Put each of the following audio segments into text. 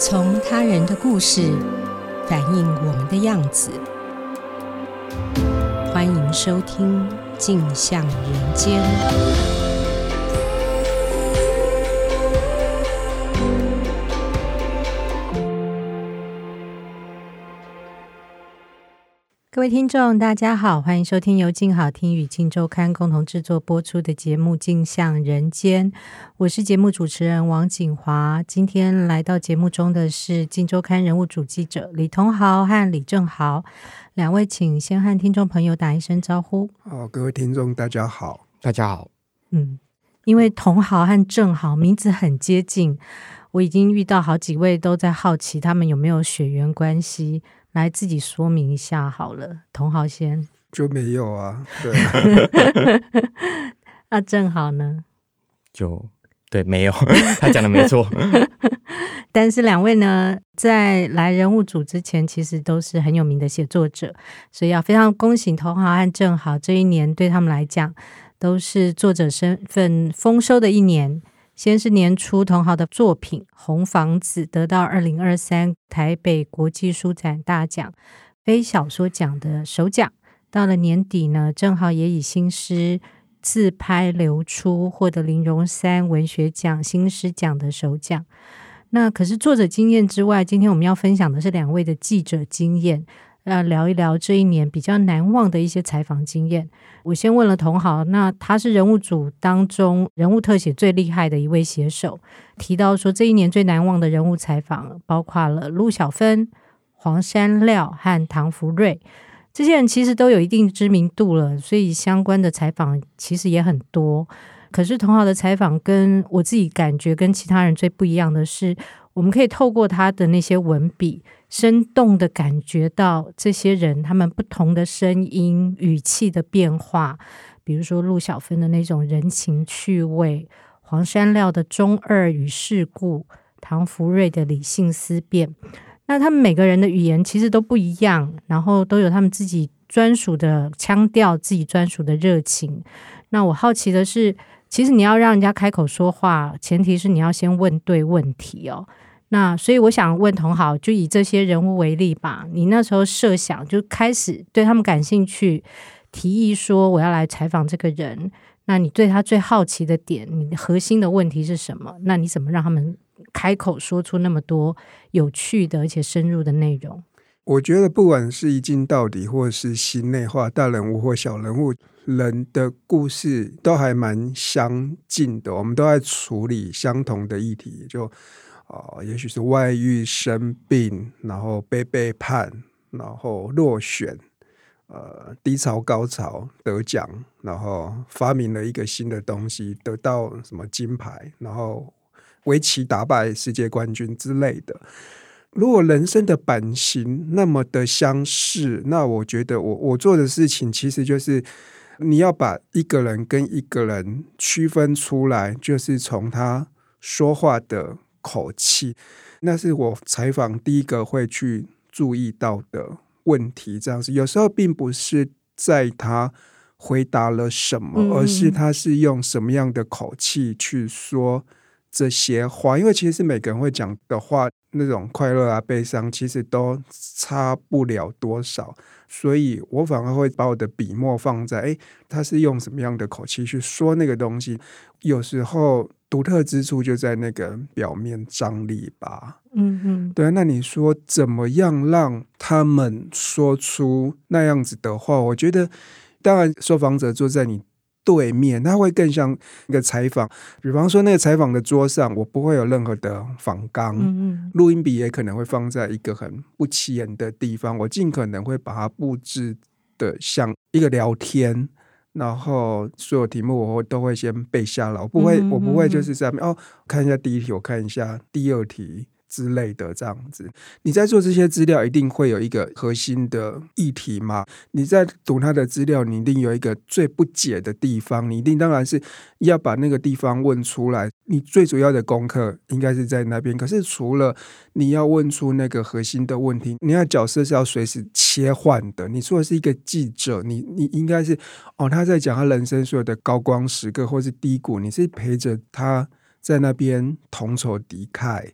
從他人的故事反映我們的樣子。歡迎收聽《鏡像人間》。各位聽眾，大家好，歡迎收聽由鏡好聽與鏡週刊共同製作播出的節目《鏡相人間》，我是節目主持人王景華。今天來到節目中的是鏡週刊人物組記者李同豪和李正豪兩位，請先和聽眾朋友打一聲招呼。哦，各位聽眾，大家好，大家好。嗯，因為同豪和正豪名字很接近，我已經遇到好幾位都在好奇他們有沒有血緣關係。來自己說明一下好了，同好先就沒有啊，對， 那正好呢，就對，沒有， 他講的沒錯， 但是兩位呢，在來人物組之前，其實都是很有名的寫作者，所以要非常恭喜同好和正好這一年對他們來講，都是作者身份豐收的一年。先是年初，同好的作品《紅房子》得到二零二三台北國際書展大獎非小說獎的首獎。到了年底呢，正好也以新詩《自拍流出》獲得林榮三文學獎新詩獎的首獎。那可是作者經驗之外，今天我們要分享的是兩位的記者經驗。要聊一聊這一年比較難忘的一些採訪經驗。我先問了同好，那他是人物組當中人物特寫最厲害的一位寫手，提到說這一年最難忘的人物採訪，包括了陸小芬、黃山料和唐福瑞這些人，其實都有一定知名度了，所以相關的採訪其實也很多。可是同好的採訪跟我自己感覺跟其他人最不一樣的是，我們可以透過他的那些文筆。生動的感覺到這些人他們不同的聲音語氣的變化，比如說陸小芬的那種人情趣味，黃山料的中二與世故，唐福瑞的理性思辨，那他們每個人的語言其實都不一樣，然後都有他們自己專屬的腔調，自己專屬的熱情。那我好奇的是，其實你要讓人家開口說話，前提是你要先問對問題哦。那所以我想問同好，就以這些人物為例吧。你那時候設想就開始對他們感興趣，提議說我要來採訪這個人。那你對他最好奇的點，你核心的問題是什麼？那你怎麼讓他們開口說出那麼多有趣的而且深入的內容？我覺得不管是一鏡到底，或是心內話，大人物或小人物，人的故事都還蠻相近的。我們都在處理相同的議題，就。啊、哦，也許是外遇、生病，然後被背叛，然後落選，呃，低潮、高潮，得獎，然後發明了一個新的東西，得到什麼金牌，然後圍棋打敗世界冠軍之類的。如果人生的版型那麼的相似，那我覺得我我做的事情其實就是你要把一個人跟一個人區分出來，就是從他說話的口氣，那是我採訪第一個會去注意到的問題。這樣子，有時候並不是在他回答了什麼，嗯嗯。而是他是用什麼樣的口氣去說這些話。因為其實每個人會講的話，那種快樂啊、悲傷，其實都差不了多少。所以我反而會把我的筆墨放在：哎，他是用什麼樣的口氣去說那個東西？有時候。獨特之處就在那個表面張力吧，嗯嗯對，對，那你說怎麼樣讓他們說出那樣子的話？我覺得，當然，受訪者坐在你對面，他會更像一個採訪。比方說，那個採訪的桌上，我不會有任何的訪綱，錄、嗯嗯、音筆也可能會放在一個很不起眼的地方。我盡可能會把它布置得像一個聊天。然後所有題目我會都會先背下來，我不會，我不會就是在、嗯、哼哼哦，看一下第一題，我看一下第二題。之類的這樣子，你在做這些資料，一定會有一個核心的議題嗎？你在讀他的資料，你一定有一個最不解的地方，你一定當然是要把那個地方問出來。你最主要的功課應該是在那邊。可是除了你要問出那個核心的問題，你的角色是要隨時切換的。你說是一個記者，你你應該是哦他在講他人生所有的高光時刻或是低谷，你是陪着他在那邊同仇敵愾。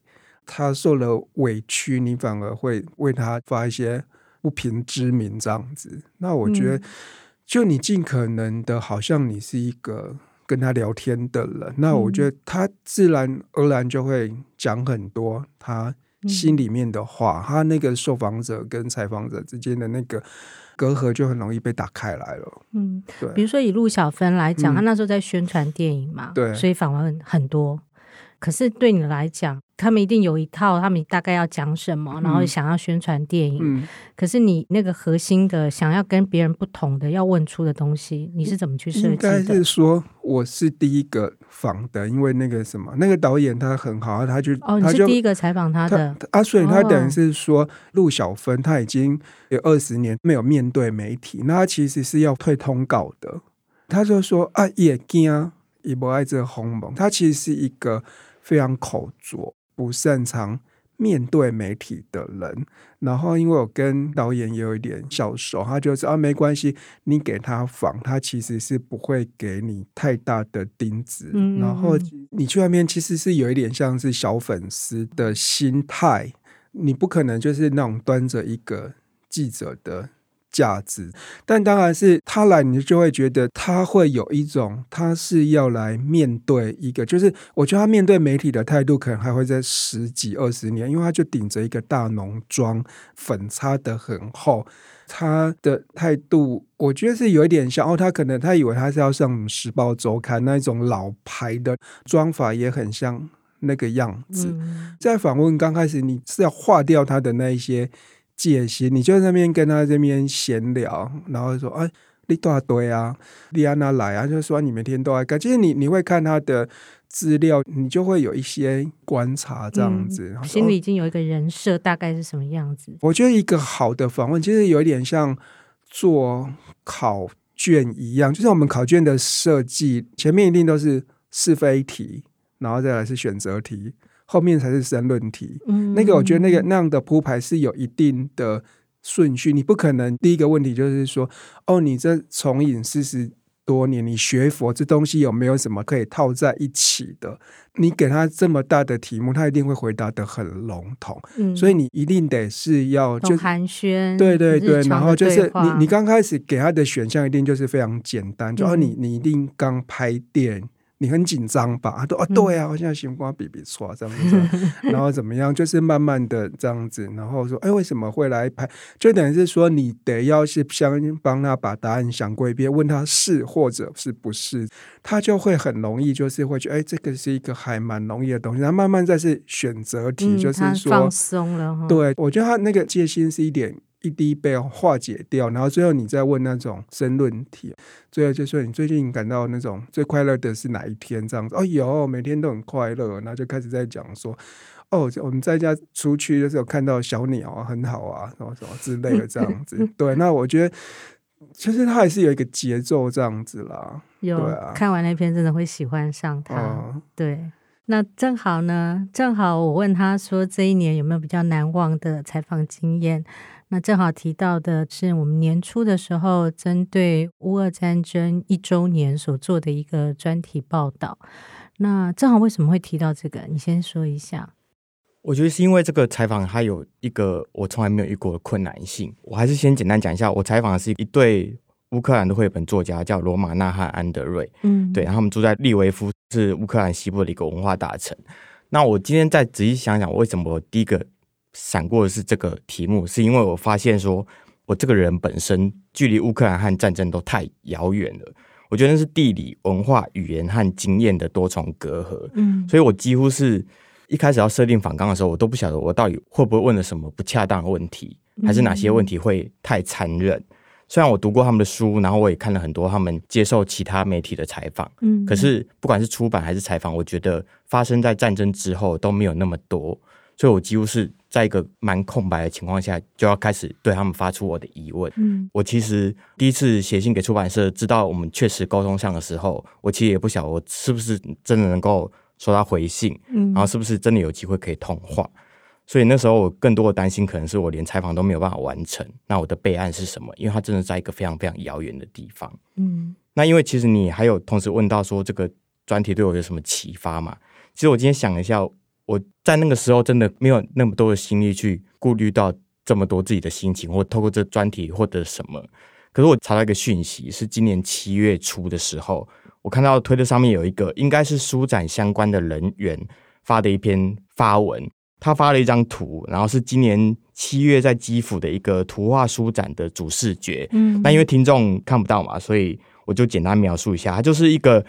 他受了委屈，你反而會為他發一些不平之鳴。這樣子。那我覺得，就你盡可能的，嗯、好像你是一個跟他聊天的人。那我覺得，他自然而然就會講很多、嗯、他心裡面的話。嗯、他那個受訪者跟採訪者之間的那個隔閡，就很容易被打開來了。嗯，對。比如說以陸小芬來講，嗯、她那時候在宣傳電影嘛，對，所以訪問很多。可是對你來講，他們一定有一套，他們大概要講什麼，嗯、然後想要宣傳電影。嗯、可是你那個核心的，想要跟別人不同的，要問出的東西，你是怎麼去設計的？應該是說，我是第一個訪的，因為那個什麼，那個導演他很好，他就哦，你是第一個採訪他的。他他他所以他等於是說，哦啊、陸小芬他已經有二十年沒有面對媒體，那他其實是要退通告的。他就說啊，也驚，也不愛這轟猛，他其實是一個。非常口拙，不擅長面對媒體的人。然後，因為我跟導演也有一點小熟，他就說：“啊，沒關係，你給他訪，他其實是不會給你太大的釘子。嗯嗯嗯然後，你去外面其實是有一點像是小粉絲的心態，你不可能就是那種端着一個記者的。”價值，但當然是他來，你就會覺得他會有一種，他是要來面對一個，就是我覺得他面對媒體的態度，可能還會在十幾二十年，因為他就頂着一個大濃妝，粉擦得很厚，他的態度，我覺得是有一點像，哦，他可能他以為他是要上《時報周刊》那一種老牌的妝法，也很像那個樣子。在訪問剛開始，你是要化掉他的那一些。解析，你就在那邊跟他這邊閒聊，然後說：“哎，一大堆啊，你安娜來啊。啊”就說你每天都在看，其實你你會看他的資料，你就會有一些觀察這樣子，嗯、然後心裡已經有一個人設，大概是什麼樣子。哦、我覺得一個好的訪問，其實有一點像做考卷一樣，就像、是、我們考卷的設計，前面一定都是是非題，然後再來是選擇題。後面才是申論題。嗯，那個我覺得那個那樣的鋪排是有一定的順序，你不可能第一個問題就是說，哦，你這從影四十多年，你學佛這東西有沒有什麼可以套在一起的？你給他這麼大的題目，他一定會回答得很籠統，嗯，所以你一定得是要就寒暄。對對對，對然後就是你你剛開始給他的選項一定就是非常簡單，就、嗯、你你一定剛拍電。你很緊張吧？啊？都，啊，對啊，嗯、我現在心歡比比錯啊，這樣子，然後怎麼樣？就是慢慢的這樣子，然後說，哎，為什麼會來拍？就等於是說，你得要是想幫他把答案想過一遍，問他是或者是不是，他就會很容易，就是會覺得，哎，這個是一個還蠻容易的東西。然後慢慢再是選擇題，就是說、嗯、放鬆了。對，我覺得他那個戒心是一點，一滴被化解掉，然後最後你再問那種申論題，最後就說，你最近感到那種最快樂的是哪一天？這樣子哦，有每天都很快樂，然後就開始在講說哦，我們在家出去的時候看到小鳥啊，很好啊，什麼什麼之類的這樣子。 對，那我覺得其實他還是有一個節奏這樣子啦。有，對啊，看完那篇，真的會喜歡上他。嗯，對，那正好呢，正好我問他說這一年有沒有比較難忘的採訪經驗？那正好提到的是我們年初的時候，針對烏俄戰爭一周年所做的一個專題報道。那正好為什麼會提到這個？你先說一下。我覺得是因為這個採訪它有一個我從來沒有遇過的困難性。我還是先簡單講一下，我採訪的是一對烏克蘭的繪本作家，叫羅馬納和安德瑞。嗯，對，然後他們住在利維夫，是烏克蘭西部的一個文化大城。那我今天再仔細想想，我為什麼第一個。閃過的是這個題目，是因為我發現說，我這個人本身距離烏克蘭和戰爭都太遙遠了，我覺得那是地理、文化、語言和經驗的多重隔閡。嗯，所以我幾乎是一開始要設定訪綱的時候，我都不曉得我到底會不會問了什麼不恰當的問題，嗯，還是哪些問題會太殘忍。雖然我讀過他們的書，然後我也看了很多他們接受其他媒體的採訪，嗯，可是不管是出版還是採訪，我覺得發生在戰爭之後都沒有那麼多，所以我幾乎是。在一個蠻空白的情況下，就要開始對他們發出我的疑問。嗯，我其實第一次寫信給出版社，知道我們確實溝通上的時候，我其實也不曉得我是不是真的能夠收到回信，嗯，然後是不是真的有機會可以通話。所以那時候我更多的擔心可能是我連採訪都沒有辦法完成，那我的備案是什麼？因為他真的在一個非常非常遙遠的地方，嗯。那因為其實你還有同時問到說這個專題對我有什麼啟發嘛？其實我今天想了一下。我在那個時候真的沒有那麼多的心力去顧慮到這麼多自己的心情，或透過這專題獲得什麼。可是我查到一個訊息，是今年七月初的時候，我看到推特上面有一個應該是書展相關的人員發的一篇發文，他發了一張圖，然後是今年七月在基輔的一個圖畫書展的主視覺。嗯，那因為聽眾看不到嘛，所以我就簡單描述一下，他就是一個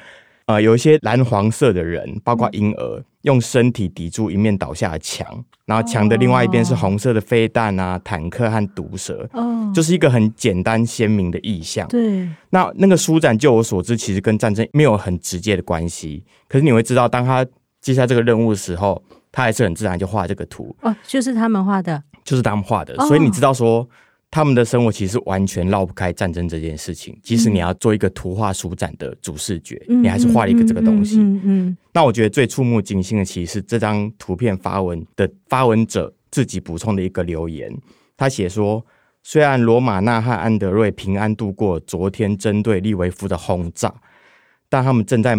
呃有一些藍黃色的人，包括嬰兒。嗯用身體抵住一面倒下的牆，然後牆的另外一邊是紅色的飛彈啊、哦、坦克和毒蛇，哦、就是一個很簡單鮮明的意象。對，那那個書展，就我所知，其實跟戰爭沒有很直接的關係。可是你會知道，當他接下這個任務的時候，他還是很自然就畫這個圖。哦，就是他們畫的，就是他們畫的，哦、所以你知道說。他們的生活其實完全繞不開戰爭這件事情。即使你要做一個圖畫書展的主視覺，嗯、你還是畫了一個這個東西。嗯，嗯，嗯，嗯，嗯。那我覺得最觸目驚心的其實是這張圖片發文的發文者自己補充的一個留言。他寫說：“雖然羅馬納和安德瑞平安度過昨天針對利維夫的轟炸，但他們正在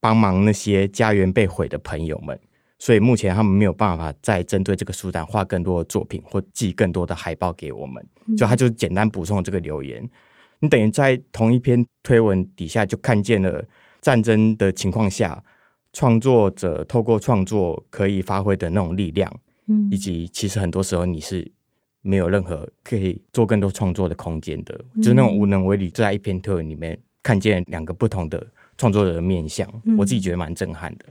幫忙那些家園被毀的朋友們。”所以目前他們沒有辦法再針對這個書單畫更多的作品或寄更多的海報給我們。就他就簡單補充這個留言。你等於在同一篇推文底下就看見了戰爭的情況下，創作者透過創作可以發揮的那種力量，以及其實很多時候你是沒有任何可以做更多創作的空間的，就是那種無能為力。在一篇推文裡面看見兩個不同的創作者的面向，我自己覺得蠻震撼的。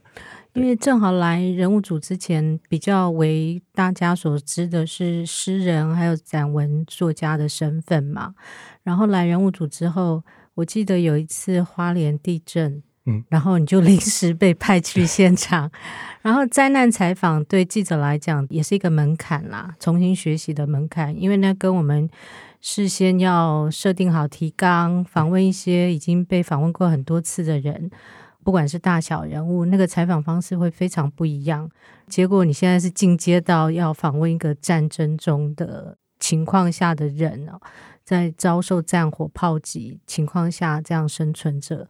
因為正好來人物組之前，比較為大家所知的是詩人還有散文作家的身份嘛。然後來人物組之後，我記得有一次花蓮地震，嗯，然後你就臨時被派去現場。 對然後災難採訪對記者來講也是一個門檻啦，重新學習的門檻，因為那跟我們事先要設定好提綱，訪問一些已經被訪問過很多次的人。不管是大小人物，那個採訪方式會非常不一樣。結果你現在是進階到要訪問一個戰爭中的情況下的人，在遭受戰火炮擊情況下這樣生存着。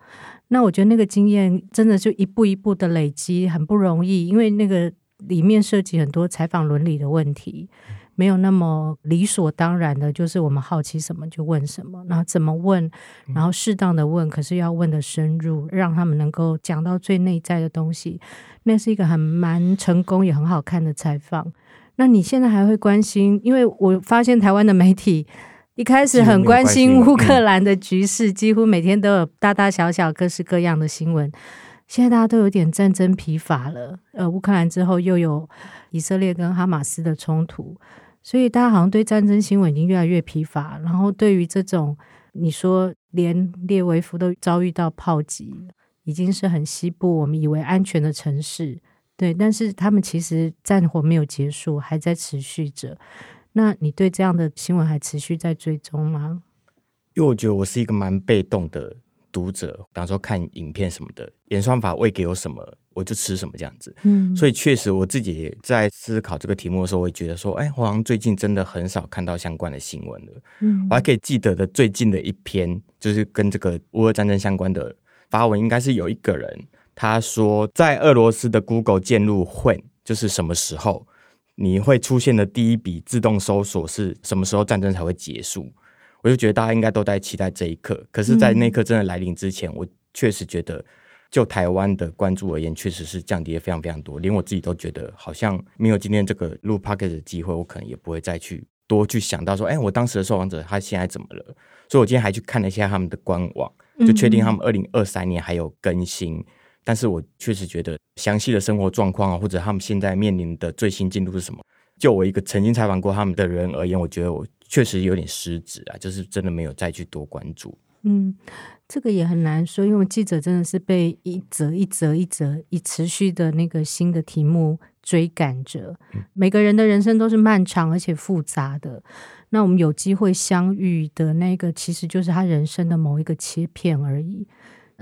那我覺得那個經驗真的就一步一步的累積，很不容易，因為那個裡面涉及很多採訪倫理的問題。沒有那麼理所當然的，就是我們好奇什麼就問什麼，然後怎麼問，然後適當的問，可是要問得深入，讓他們能夠講到最內在的東西。那是一個很蠻成功也很好看的採訪。那你現在還會關心？因為我發現台灣的媒體一開始很關心烏克蘭的局勢，幾乎每天都有大大小小各式各樣的新聞。嗯、現在大家都有點戰爭疲乏了。呃，烏克蘭之後又有以色列跟哈馬斯的衝突。所以大家好像對戰爭新聞已經越來越疲乏，然後對於這種你說連列維夫都遭遇到炮擊，已經是很西部我們以為安全的城市，對，但是他們其實戰火沒有結束，還在持續着。那你對這樣的新聞還持續在追蹤嗎？因為我覺得我是一個蠻被動的。讀者，比方說看影片什麼的，演算法餵給我什麼，我就吃什麼這樣子。嗯，所以確實我自己也在思考這個題目的時候，我也覺得說，哎，我好像最近真的很少看到相關的新聞了。嗯，我還可以記得的最近的一篇就是跟這個烏俄戰爭相關的發文，應該是有一個人他說，在俄羅斯的 Google 鍵入 “when”，就是什麼時候你會出現的第一筆自動搜索是什麼時候戰爭才會結束。我就覺得大家應該都在期待這一刻，可是，在那一刻真的來臨之前，我確實覺得，就台灣的關注而言，確實是降低了非常非常多，連我自己都覺得好像沒有今天這個錄 podcast 的機會，我可能也不會再去多去想到說，哎，我當時的受訪者他現在怎麼了？所以我今天還去看了一下他們的官網，就確定他們二零二三年還有更新，但是我確實覺得詳細的生活狀況啊，或者他們現在面臨的最新進度是什麼？就我一個曾經採訪過他們的人而言，我覺得我。確實有點失職啊，就是真的沒有再去多關注。嗯，這個也很難說，因為記者真的是被一則一則一則以持續的那個新的題目追趕着。嗯，每個人的人生都是漫長而且複雜的，那我們有機會相遇的那個，其實就是他人生的某一個切片而已。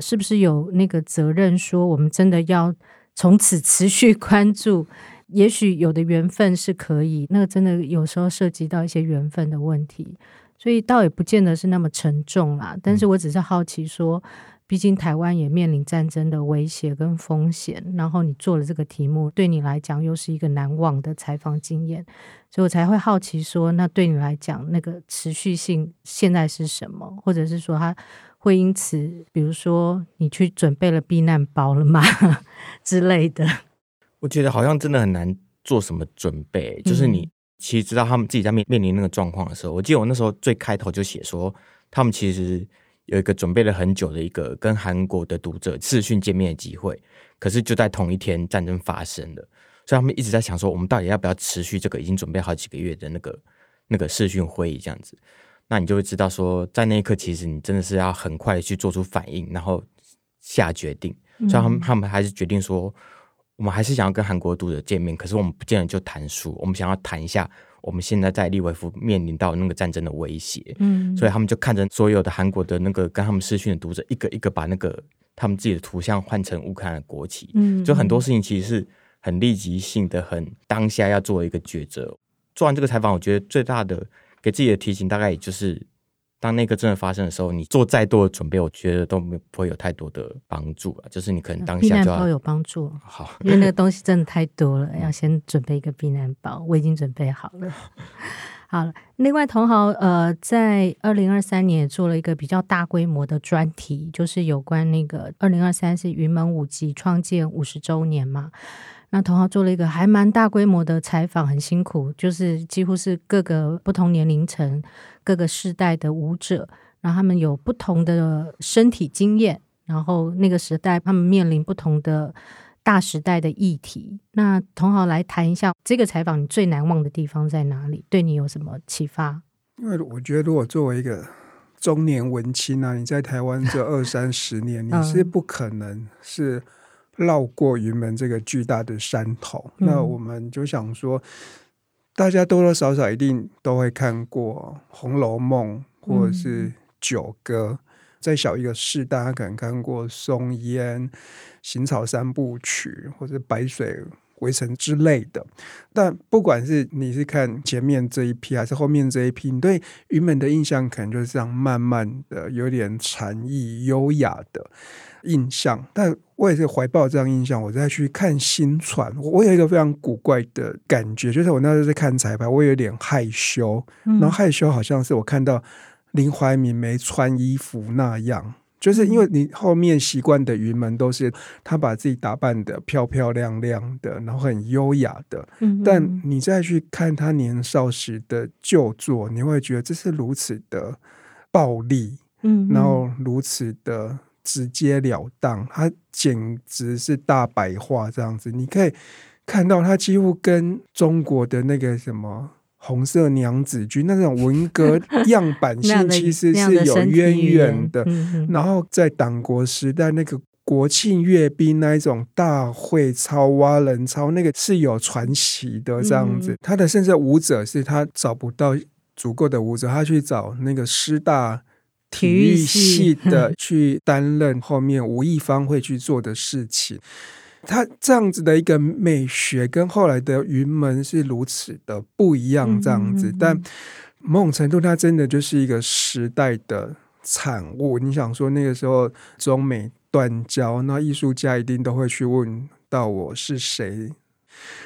是不是有那個責任說，我們真的要從此持續關注？也許有的緣分是可以，那個真的有時候涉及到一些緣分的問題，所以倒也不見得是那麼沉重啦。但是我只是好奇說，畢竟台灣也面臨戰爭的威脅跟風險，然後你做了這個題目，對你來講又是一個難忘的採訪經驗，所以我才會好奇說，那對你來講那個持續性現在是什麼？或者是說他會因此，比如說你去準備了避難包了嗎 之類的。我覺得好像真的很難做什麼準備，就是你其實知道他們自己在面面臨那個狀況的時候，我記得我那時候最開頭就寫說，他們其實有一個準備了很久的一個跟韓國的讀者視訊見面的機會，可是就在同一天戰爭發生了，所以他們一直在想說，我們到底要不要持續這個已經準備好幾個月的那個那個視訊會議這樣子？那你就會知道說，在那一刻，其實你真的是要很快去做出反應，然後下決定。所以他們他們還是決定說。我們還是想要跟韓國讀者見面，可是我們不見得就談書。我們想要談一下，我們現在在利維夫面臨到那個戰爭的威脅。嗯，所以他們就看着所有的韓國的那個跟他們視訊的讀者，一個一個把那個他們自己的圖像換成烏克蘭的國旗。嗯，就很多事情其實是很立即性的，很當下要做一個抉擇。做完這個採訪，我覺得最大的給自己的提醒，大概也就是。當那個真的發生的時候，你做再多的準備，我覺得都沒不會有太多的幫助了。就是你可能當下就要避難包有幫助，好，因為那個東西真的太多了， 要先準備一個避難包。我已經準備好了。 好了，另外同行呃，在二零二三年也做了一個比較大規模的專題，就是有關那個二零二三是雲門舞集創建五十周年嘛。那同好做了一個還蠻大規模的採訪，很辛苦，就是幾乎是各個不同年齡層、各個世代的舞者，然後他們有不同的身體經驗，然後那個時代他們面臨不同的大時代的議題。那同好來談一下這個採訪，你最難忘的地方在哪裡？對你有什麼啟發？因為我覺得，如果作為一個中年文青啊，你在台灣這二三十年， 嗯、你是不可能是。繞過雲門這個巨大的山頭，嗯、那我們就想說，大家多多少少一定都會看過《紅樓夢》，或者是《九歌》，再、嗯、小一個世，大家可能看過《松煙》《行草三部曲》，或者《白水圍城》之類的。但不管是你是看前面這一批，還是後面這一批，你對雲門的印象，可能就是這樣，慢慢的有點禪意、優雅的。印象，但我也是懷抱這樣印象，我再去看薪傳，我有一個非常古怪的感覺，就是我那時候在看彩排，我有點害羞，嗯、然後害羞好像是我看到林懷民沒穿衣服那樣，就是因為你後面習慣的雲門都是他把自己打扮得漂漂亮亮的，然後很優雅的，嗯、哼但你再去看他年少時的舊作，你會覺得這是如此的暴力，嗯哼，然後如此的。直截了當，他簡直是大白話這樣子，你可以看到，他幾乎跟中國的那個什麼紅色娘子軍那種文革樣板戲其實是有淵源的。 的的嗯、然後在黨國時代，那個國慶閱兵那一種大會操、蛙人操，那個是有傳奇的這樣子。嗯、他的甚至舞者是他找不到足夠的舞者，他去找那個師大。體育系的去擔任後面吳義芳會去做的事情，他 這樣子的一個美學跟後來的雲門是如此的不一樣，這樣子。嗯嗯嗯，但某種程度，他真的就是一個時代的產物。你想說那個時候中美斷交，那藝術家一定都會去問到我是誰。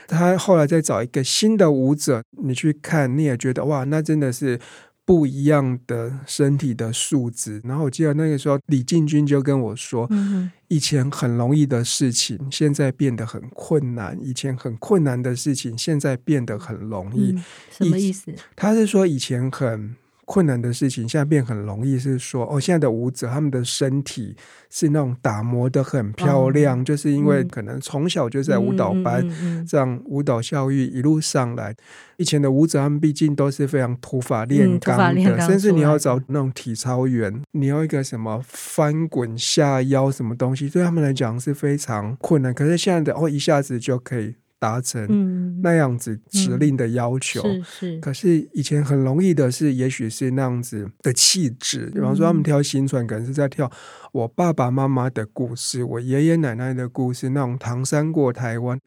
他後來再找一個新的舞者，你去看，你也覺得哇，那真的是。不一樣的身體的素質，然後我記得那個時候，李進軍就跟我說，嗯哼，以前很容易的事情，現在變得很困難；以前很困難的事情，現在變得很容易。嗯，什麼意思？他是說以前很。困難的事情現在變很容易。是說哦，現在的舞者他們的身體是那種打磨得很漂亮。哦嗯、就是因為可能從小就在舞蹈班，這樣、嗯嗯嗯、舞蹈教育一路上來。以前的舞者他們畢竟都是非常土法煉鋼的，嗯、鋼甚至你要找那種體操員，嗯、你要一個什麼翻滾下腰什麼東西，對他們來講是非常困難。可是現在的哦，一下子就可以。達成那樣子指令的要求、嗯嗯、是是。可是以前很容易的是，也許是那樣子的氣質。嗯、比方說他們跳薪傳，可能是在跳我爸爸媽媽的故事，我爺爺奶奶的故事，那種唐山過台灣。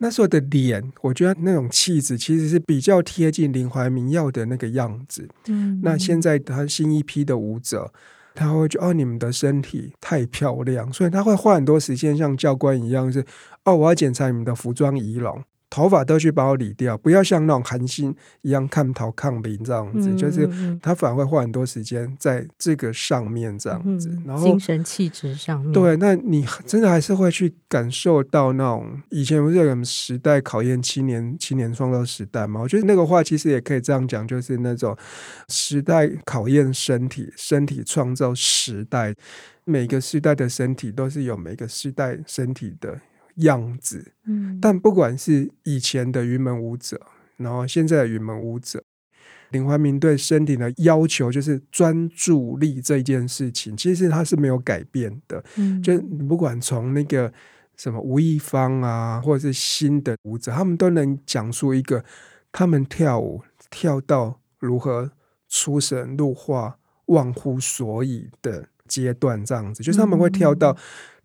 那時候的臉，我覺得那種氣質其實是比較貼近林懷民要的那個樣子。嗯、那現在他新一批的舞者。他會覺得哦，你們的身體太漂亮，所以他會花很多時間，像教官一樣是哦，我要檢查你們的服裝儀容。頭髮都去把我理掉，不要像那種韓星一樣看頭看臉這樣子，嗯嗯嗯，就是他反而會花很多時間在這個上面這樣子，然後精神氣質上面。對，那你真的還是會去感受到那種以前不是有什麼時代考驗青年，青年創造時代嗎？我覺得那個話其實也可以這樣講，就是那種時代考驗身體，身體創造時代。每個時代的身體都是有每個時代身體的。樣子，嗯，但不管是以前的雲門舞者，然後現在的雲門舞者，林懷民對身體的要求就是專注力這件事情，其實他是沒有改變的，嗯，就不管從那個什麼吳義芳啊，或者是新的舞者，他們都能講述一個他們跳舞跳到如何出神入化、忘乎所以的。階段這樣子，就是他們會跳到，嗯、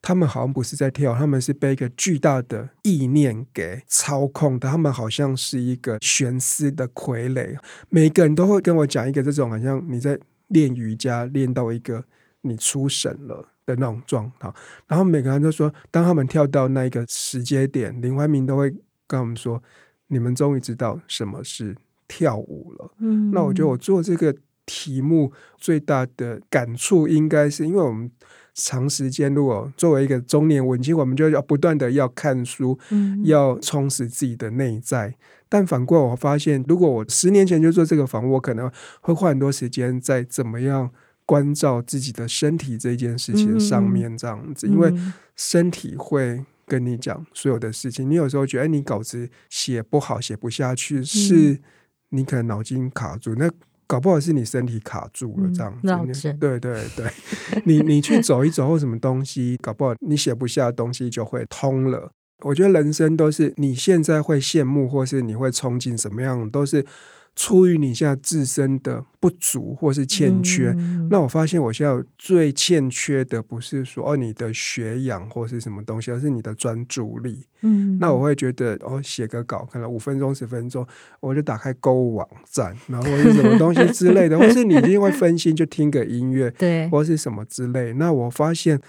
他們好像不是在跳，他們是被一個巨大的意念給操控的。他們好像是一個懸絲的傀儡。每個人都會跟我講一個這種，好像你在練瑜伽練到一個你出神了的那種狀態。然後每個人都說，當他們跳到那一個時間點，林懷民都會跟我們說：“你們終於知道什麼是跳舞了。”嗯，那我覺得我做這個。題目最大的感觸，應該是因為我們長時間如果作為一個中年文青，我們就要不斷的要看書，要充實自己的內在。但反過來我發現，如果我十年前就做這個房，我可能會花很多時間在怎麼樣關照自己的身體這件事情上面，這樣子，因為身體會跟你講所有的事情。你有時候覺得你稿子寫不好，寫不下去，是你可能腦筋卡住那。搞不好是你身體卡住了這樣子，嗯，子。對對對，你你去走一走或什麼東西， 搞不好你寫不下東西就會通了。我覺得人生都是你現在會羨慕或是你會憧憬什麼樣，都是。出於你現在自身的不足或是欠缺，嗯，那我發現我現在最欠缺的不是說你的學養或是什麼東西，而是你的專注力。嗯，那我會覺得哦，寫個稿可能五分鐘十分鐘，我就打開購物網站，然後是什麼東西之類的， 或是你因為分心就聽個音樂，對，或是什麼之類。那我發現。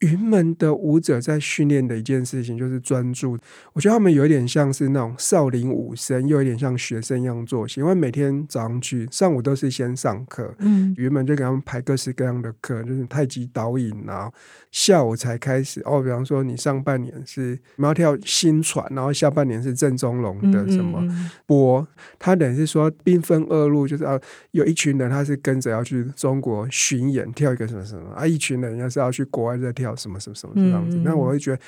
雲門的舞者在訓練的一件事情就是專注，我覺得他們有一點像是那種少林武僧，又有點像學生一樣作息，因為每天早上去上午都是先上課，嗯，雲門就給他們排各式各樣的課，就是太極導引啊，然後下午才開始。哦，比方說你上半年是你要跳薪傳，然後下半年是鄭宗龍的什麼波，他等於是說兵分二路，就是要有一群人他是跟着要去中國巡演跳一個什麼什麼，啊，一群人要是要去國外再跳。叫什麼什麼什麼這樣子，嗯、那我會覺得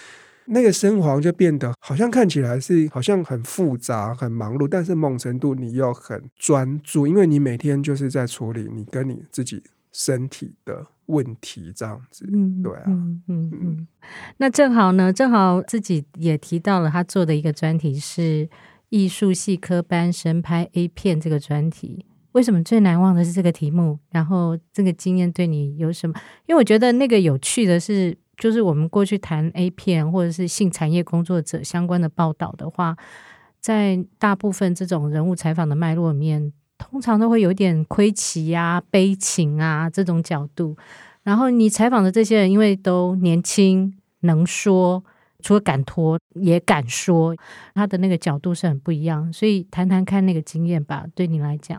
那個生活就變得好像看起來是好像很複雜很忙碌，但是某程度你要很專注，因為你每天就是在處理你跟你自己身體的問題這樣子。嗯、對啊，嗯嗯嗯。那正好呢，正好自己也提到了他做的一個專題是藝術系科班生拍 A 片這個專題。為什麼最難忘的是這個題目？然後這個經驗對你有什麼？因為我覺得那個有趣的是，就是我們過去談 A 片或者是性產業工作者相關的報道的話，在大部分這種人物採訪的脈絡裡面，通常都會有點虧奇呀、啊、悲情啊這種角度。然後你採訪的這些人，因為都年輕、能說，除了敢脫，也敢說，他的那個角度是很不一樣。所以談談看那個經驗吧，對你來講。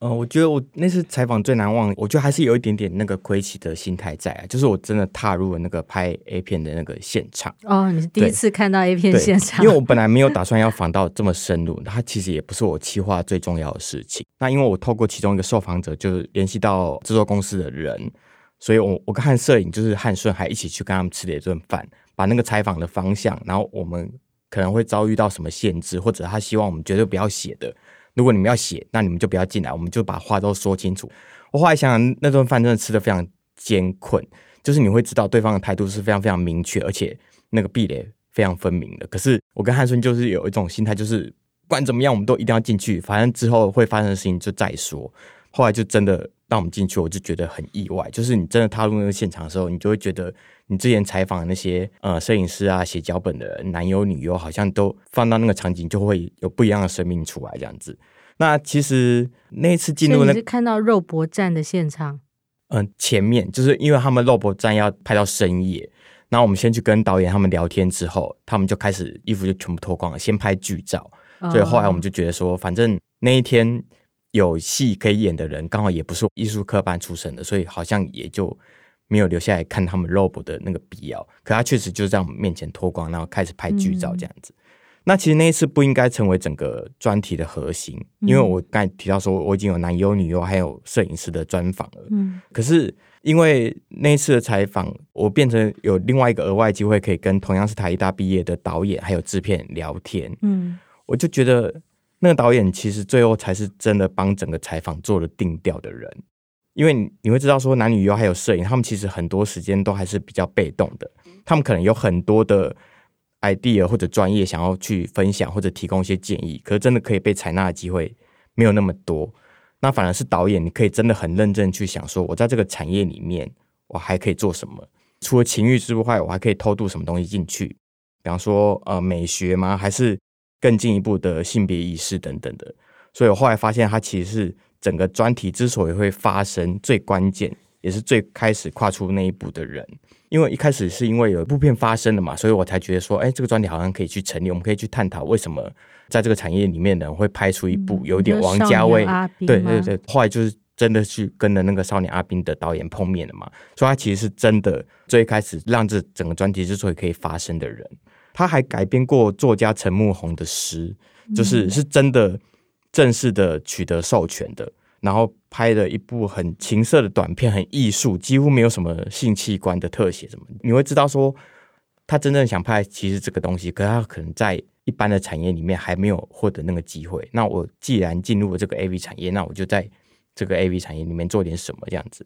嗯、呃，我覺得我那次採訪最難忘，我覺得還是有一點點那個窺奇的心態在，就是我真的踏入了那個拍 A 片的那個現場。哦，你是第一次對看到 A 片現場？因為我本來沒有打算要訪到這麼深入， 它其實也不是我企劃最重要的事情。那因為我透過其中一個受訪者，就是聯繫到製作公司的人，所以我我跟漢攝影就是漢順還一起去跟他們吃了一頓飯，把那個採訪的方向，然後我們可能會遭遇到什麼限制，或者他希望我們絕對不要寫的。如果你們要寫，那你們就不要進來，我們就把話都說清楚。我後來想想，那頓飯真的吃得非常艱困，就是你會知道對方的態度是非常非常明確，而且那個壁壘非常分明的。可是我跟漢順就是有一種心態，就是不管怎麼樣，我們都一定要進去，反正之後會發生的事情就再說。後來就真的讓我們進去，我就覺得很意外。就是你真的踏入那個現場的時候，你就會覺得。你之前採訪的那些呃攝影師啊、寫腳本的男優女優，好像都放到那個場景，就會有不一樣的生命出來這樣子。那其實那次進入，你是看到肉搏戰的現場？嗯、呃，前面就是因為他們肉搏戰要拍到深夜，然後我們先去跟導演他們聊天之後，他們就開始衣服就全部脫光了，先拍劇照。所以後來我們就覺得說，oh. 反正那一天有戲可以演的人，剛好也不是藝術科班出身的，所以好像也就。沒有留下來看他們 robe 的那個必要，可他確實就在我們面前脫光，然後開始拍劇照這樣子。嗯、那其實那一次不應該成為整個專題的核心，因為我剛才提到說，我已經有男優、女優還有攝影師的專訪了。嗯、可是因為那一次的採訪，我變成有另外一個額外機會可以跟同樣是台藝大畢業的導演還有制片人聊天。嗯、我就覺得那個導演其實最後才是真的幫整個採訪做了定調的人。因為你會知道說男女優還有攝影，他們其實很多時間都還是比較被動的。他們可能有很多的 idea 或者專業想要去分享或者提供一些建議，可是真的可以被採納的機會沒有那麼多。那反而是導演，你可以真的很認真去想說，我在這個產業裡面我還可以做什麼？除了情欲之外，我還可以偷渡什麼東西進去？比方說呃美學嗎？還是更進一步的性別意識等等的。所以我後來發現，它其實是。整個專題之所以會發生，最關鍵也是最開始跨出那一步的人。因為一開始是因為有一部片發生了嘛，所以我才覺得說，哎，這個專題好像可以去成立，我們可以去探討為什麼在這個產業裡面呢會拍出一部有點王家衛，嗯，就是少年阿賓嗎？對對對，後來就是真的去跟了那個少年阿賓的導演碰面了嘛，所以他其實是真的最開始讓這整個專題之所以可以發生的人，他還改編過作家陳慕紅的詩，就是是真的。正式的取得授權的，然後拍了一部很情色的短片，很藝術，幾乎沒有什麼性器官的特寫什麼。你會知道說，他真正想拍其實這個東西，可他可能在一般的產業裡面還沒有獲得那個機會。那我既然進入了這個 AV 產業，那我就在這個 AV 產業裡面做點什麼這樣子。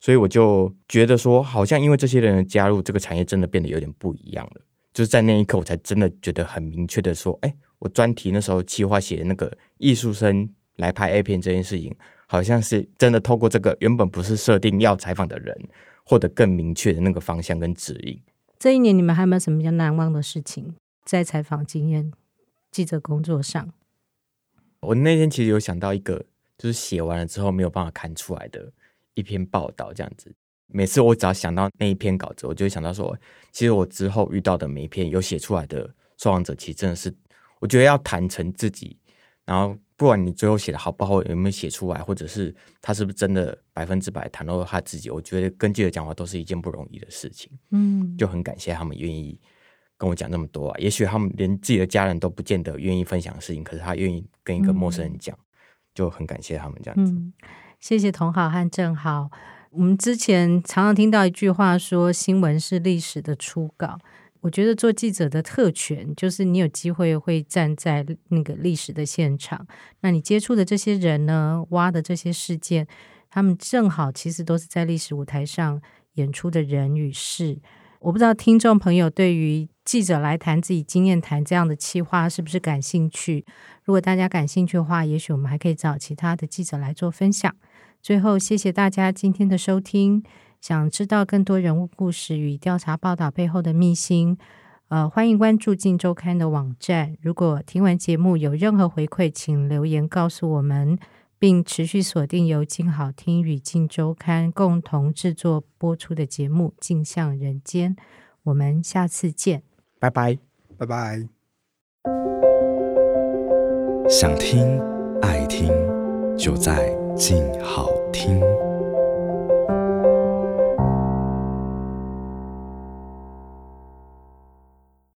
所以我就覺得說，好像因為這些人加入這個產業，真的變得有點不一樣了。就是在那一刻，我才真的覺得很明確的說，哎、欸。我專題那時候計劃寫的那個藝術生來拍 A 片這件事情，好像是真的透過這個原本不是設定要採訪的人，獲得更明確的那個方向跟指引。這一年你們還有沒有什麼比較難忘的事情？在採訪經驗、記者工作上，我那天其實有想到一個，就是寫完了之後沒有辦法看出來的一篇報道，這樣子。每次我只要想到那一篇稿子，我就會想到說，其實我之後遇到的每一篇有寫出來的受訪者，其實真的是。我覺得要坦誠自己，然後不管你最後寫的好不好，有沒有寫出來，或者是他是不是真的百分之百坦露他自己，我覺得跟記者講話都是一件不容易的事情。嗯，就很感謝他們願意跟我講那麼多啊。也許他們連自己的家人都不見得願意分享事情，可是他願意跟一個陌生人講，嗯、就很感謝他們這樣子。嗯、謝謝同好和正好，我們之前常常聽到一句話說，新聞是歷史的初稿。我覺得做記者的特權就是你有機會會站在那個歷史的現場，那你接觸的這些人呢，挖的這些事件，他們正好其實都是在歷史舞台上演出的人與事。我不知道聽眾朋友對於記者來談自己經驗、談這樣的企劃是不是感興趣？如果大家感興趣的話，也許我們還可以找其他的記者來做分享。最後，謝謝大家今天的收聽。想知道更多人物故事與調查報道背後的秘辛？呃，歡迎關注《鏡週刊》的網站。如果聽完節目有任何回饋，請留言告訴我們，並持續鎖定由《鏡好聽》與《鏡週刊》共同製作播出的節目《鏡相人間》。我們下次見，拜拜，拜拜。想聽愛聽，就在《鏡好聽》。